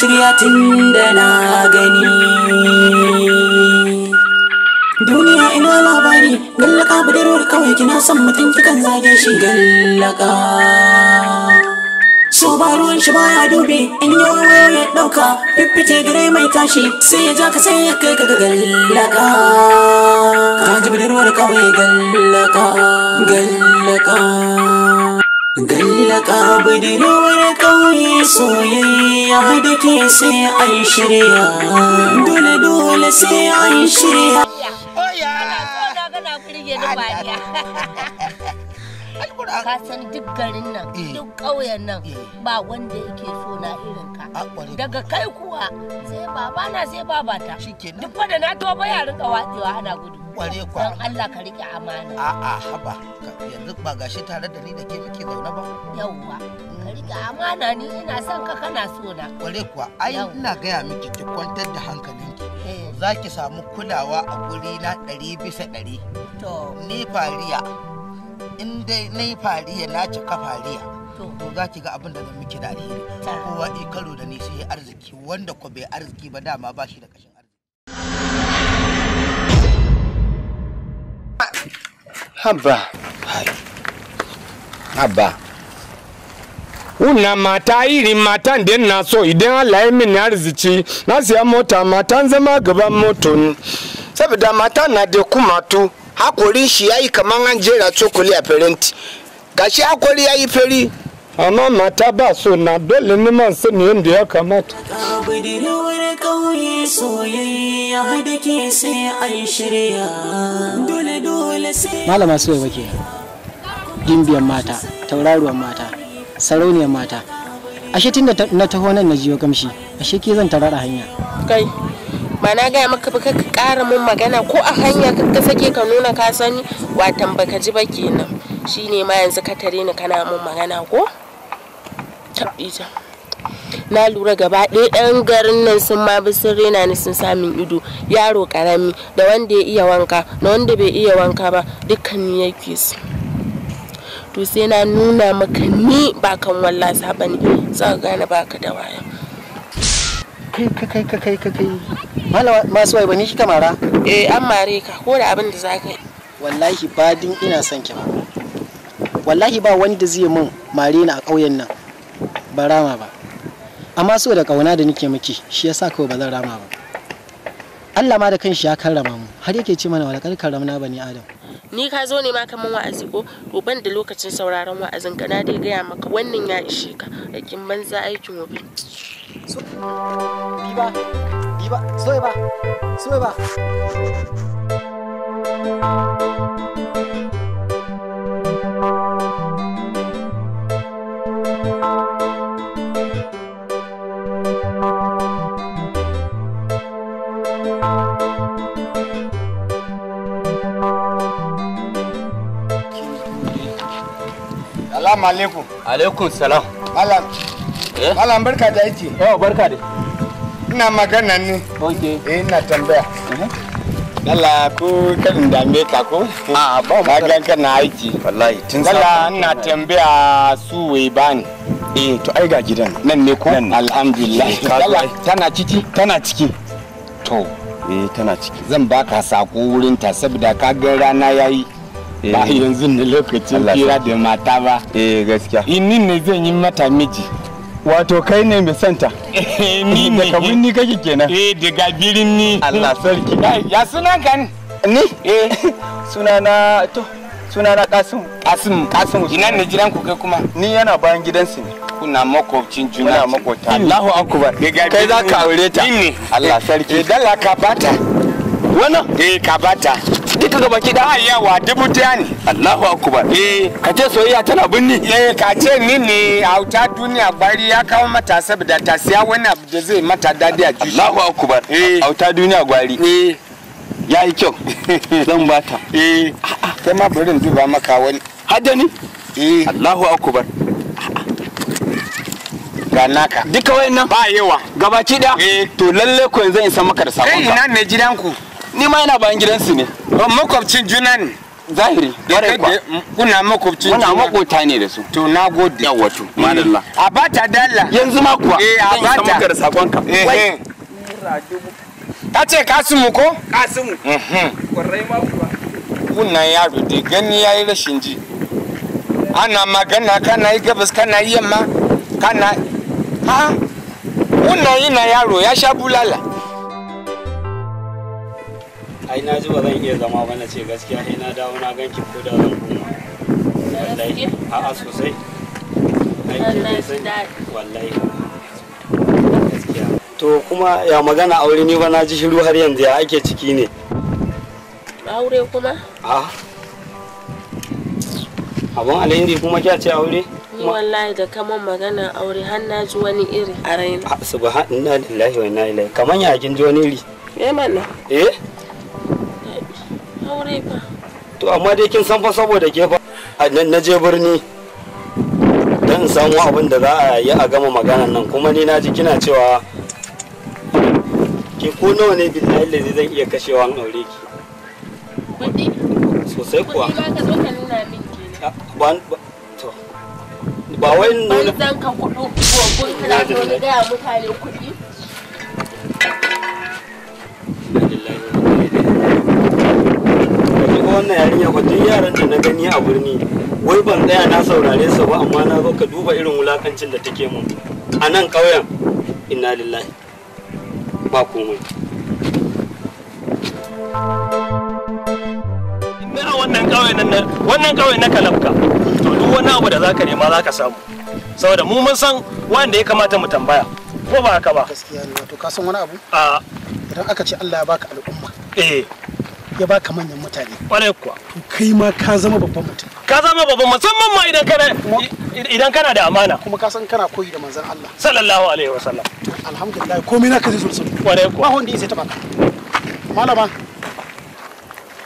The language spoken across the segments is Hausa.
shirya tun da na gani duniya ina labari gallaka budurwar kawai kina son mutum kikan zage shi gallaka so ba ruwan shi baya dubi in yi wayo ya dauka fiffice gare mai tashi sai ya ja ka sai ya kai ka gallaka ka ji budurwar kawai gallaka gallaka Gallaka budurwar ƙauye soyayya da ke sai an shirya dole dole sai an shirya. Oya! Ana so da gana firge da bariya. ka san duk garin nan eh. duk ƙauyen nan eh. ba wanda yake so na irin ka daga kai kuwa sai baba na sai baba ta duk da na ba yarin ka watsewa ana gudu kware kwa don Allah ka rike amana a haba yanzu ba gashi tare da ni da ke muke zaune ba yawwa ka mm. rike amana ni ina son ka kana so na kware kwa ai ina gaya miki ki kwantar da hankalinki eh. za ki samu kulawa a guri na ɗari bisa ɗari ni fariya in dai na yi fariya na cika fariya to za ki ga abin da zan miki da alheri kowa i eh karo da ni sai ya arziki wanda ko bai arziki ba dama ba shi da kashin arziki haba haba Una mata iri matan da na so idan Allah ya min arziki na siya mota matan zama gaba moto saboda mata na da kumatu hakorin shi yayi kaman an jera cokali a faranti gashi hakori yayi fari amma mata ba so na dole ni man sani yadda ya kamata malama ƙauye soyayya da ke sai malama soyayya mata tauraruwan mata sarauniyan mata ashe tun da na taho nan na jiyo kamshi ashe ke zan tarara hanya kai ba na gaya maka ka kara mun magana ko a hanya ka sake ka nuna ka sani watan baka ji ba kenan shine ma yanzu ka tare ni kana mun magana ko tabbita na lura gaba ɗaya ɗan garin nan sun ma bi sun rena ni sun samun ido yaro karami da wanda ya iya wanka da wanda bai iya wanka ba dukkan ni yake su to sai na nuna maka ni bakan wallasa ba ne za ka gane baka da waya kai kai kai kai kai malama masu wai bani kika mara eh an mare ka ko da abin da za ka Wallahi ba din ina son ki ba wallahi ba wanda zai min mare ni a ƙauyen nan ba rama ba amma so da ƙauna da nake miki shi yasa kawai ba zan rama ba Allah ma da kanshi ya karrama mu har yake ce mana walakar karramna bani adam ni ka zo ne ma kaman wa'azi ko to ban da lokacin sauraron wa'azin ka na dai gaya maka wannan ya ishe ka aikin banza aikin wabi Su viva, viva, Sueva, Sueva. alaikum. Alaikum salam. Malam, Eh? Malam barka da aiki. Oh barka da. Ina magana ne. Okay. Eh, ina tambaya. Mhm. Dala ko kan dame ka ko? A ah, ba mu kana aiki. Wallahi tun sa. Dala ina tambaya su wai bani. Eh to ai ga gidan. Nan ne ko? Alhamdulillah. Eh, Dala tana ciki? Tana ciki. To eh tana ciki. Zan baka sako wurin ta saboda ka ga rana yayi. Ba yanzu ne lokacin kira da mata ba. Eh gaskiya. Inin ne zan yi mata miji. wato kai ne mai santa eh, ni ne daga birni kake kenan eh daga birni Allah sarki ya sunan ka ni eh suna na to suna na kasim kasim kasim ina ne jiran ku kai kuma ni yana bayan gidansu ne kuna makwabcin juna kuna makwabta Allahu akbar kai za ka aure ta Allah sarki eh dalla ka bata wannan eh ka bata duka ga baki da wa dubu daya ne Allahu akbar eh ka ce soyayya tana binni eh ka ce ni ne auta duniya bari ya kawo mata saboda ta siya wani abu da zai mata dadi a jiki Allahu akbar eh auta duniya gwari eh ya yi kyau zan bata eh sai ah, ah. ma bari duba maka wani haddani eh Allahu akbar ah, ga naka duka wayannan ba yawa gabaki da eh to lalle ko yanzu in san maka da sabon ka eh, ina ne gidanku ni ma yana bayan gidansu ne oh, makwabcin juna ne zahiri gare kwa kuna makwabcin juna makota ne da su to na gode yawa to madalla eh, a bata dalla yanzu ma kuwa eh a bata maka sakon ka eh, eh. ta ce kasimu ko kasimu kwarai mhm. ma kuwa ya yaro da gani yayi rashin ji ana magana kana yi gabas kana yi yamma kana ha wannan yana yaro ya sha bulala ai na ji ba zan iya zama ba na ce gaskiya sai na dawo na ganki ko da zan koma wallahi a'a sosai wallahi gaskiya to kuma ya magana aure ni ba na ji shiru har yanzu ya ake ciki ne aure kuma a abun alhindi kuma kya ce aure ni wallahi da kaman magana aure har na ji wani iri a raina subhanallahi wa inna ilaihi kaman ya kin ji wani iri eh mana eh aure to amma dai kin san fa saboda ke fa na je birni don samu abin da za a yi a gama maganan nan kuma ni na ji kina cewa ki ko nawa ne billahi lazi zan iya kashewa an aure ki kuɗi sosai kuwa kuɗi ba ka zo ka nuna min kenan ba wai nuna ban zan ka ko kun kira ko ga mutane kuɗi wannan yarinya ba duk yaran da na gani a birni wai ban tsaya na saurare su ba amma na zo ka duba irin wulakancin da take mun a nan ƙauyen inna lillahi ba komai ina wannan ƙauye nan wannan ƙauye na kalabka to duk wani abu da zaka nema zaka samu saboda mu mun san wanda ya kamata mu tambaya ko ba haka ba gaskiya ne wato ka san wani abu a idan aka ce Allah ya baka al'umma eh ya baka manyan mutane ƙwarai kuwa to kai ma ka zama babban mutum ka zama babban musamman ma idan kana idan kana da amana kuma ka san kana koyi da manzon Allah sallallahu alaihi wasallam alhamdulillah komai na zai sosai ƙwarai kuwa ba wanda ya sai ta baka malama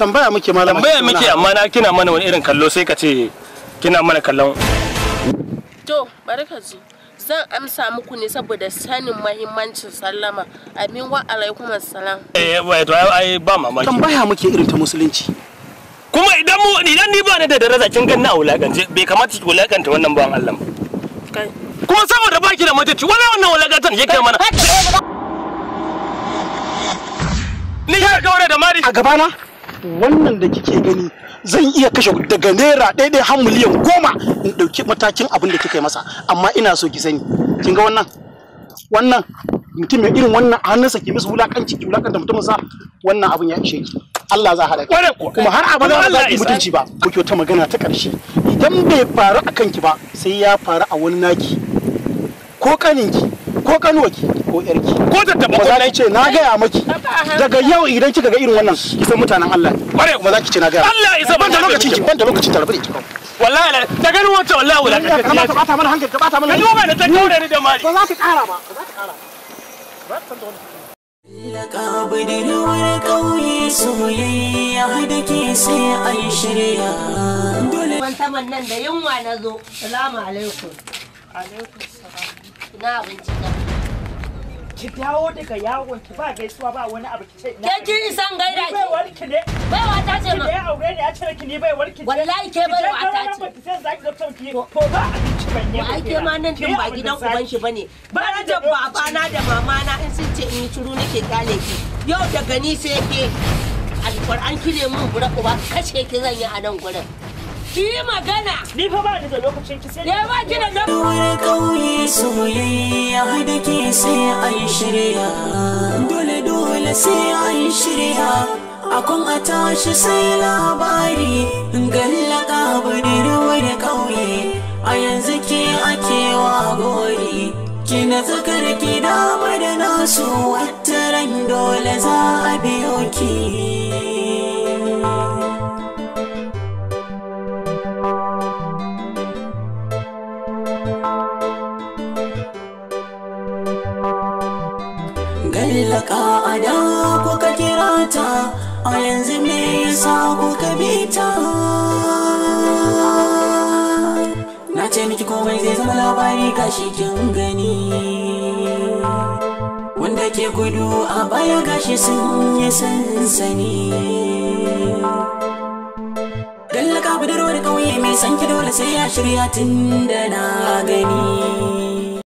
tambaya muke malama tambaya muke amma na kina mana wani irin kallo sai ka ce kina mana kallon to bari ji zan amsa muku ne saboda sanin mahimmancin sallama amin wa alaikum assalam eh wato ai ba mamaki tambaya muke irin ta musulunci kuma idan mu idan ni ba ni da daraja kin ga na wulakance bai kamata ki wulakanta wannan ban Allah kuma saboda baki da mutunci wala wannan wulakantar yake mana ni ga gaure da mari a gabana wannan da kike gani zan iya kashe daga naira ɗaya har miliyan goma in ɗauki matakin abin da kika yi masa amma ina so ki sani kin ga wannan wannan mutum mai irin wannan a hannunsa ke musu wulakanci ki wulakanta mutumin sa wannan abin ya ishe ki Allah za haɗa ki kuma har abada ba za ki mutunci ba ku kyauta magana ta ƙarshe idan bai faru a kanki ba sai ya faru a wani naki ko kaninki ko kanuwaki ko yarki ko da taba maza lai ce na gaya maki daga yau idan kika ga irin wannan kisan mutanen Allah bare kuma maza ce na gaya Allah isa ban da lokaci ki ban da lokaci tarabi da ita wallahi da ganin wata wallahi wala ka kana ta bata mana hankali ka bata mana ba da ta kaure ni da mari ba za ka kara ba ba za ka kara ba ta san da ƙauye soyayya da ke sai an shirya. Ban saman nan da yunwa na zo. Salamu alaikum. Alaikum salam. abinci da ki dawo daga yawon ki ba gaisuwa ba wani abu ki ce ina ke kin isan gaida ki bai warki ne bai wata ce ma ki aure ne a ce ki ni bai warki wallahi ke bai wata ce ki sai zaki ga son ki to ba abinci ban yi ai ke ma nan din ba gidan uban shi bane ba na da babana da mamana in sun ce in yi turu nake kyale ki yau daga ni sai ke alƙur'an kire mun bura uba kashe ki zan yi a nan gurin Ki yi magana. Ni fa ba ni da lokacin ki sai. Ya ba ki da lokacin. Wani kauye soyayya da ke sai an shirya. Dole dole sai an shirya. Akon a tashi sai labari. Gallaka budurwa da kauye. A yanzu ke ake wa gori. Kina tsakar ki damar a yanzu me yasa kuka bi ta na ce miki komai zai zama labari gashi kin gani wanda ke gudu a baya gashi sun yi sansani Dallaka budurwar ƙauye mai sanki dole sai ya shirya tun da na gani.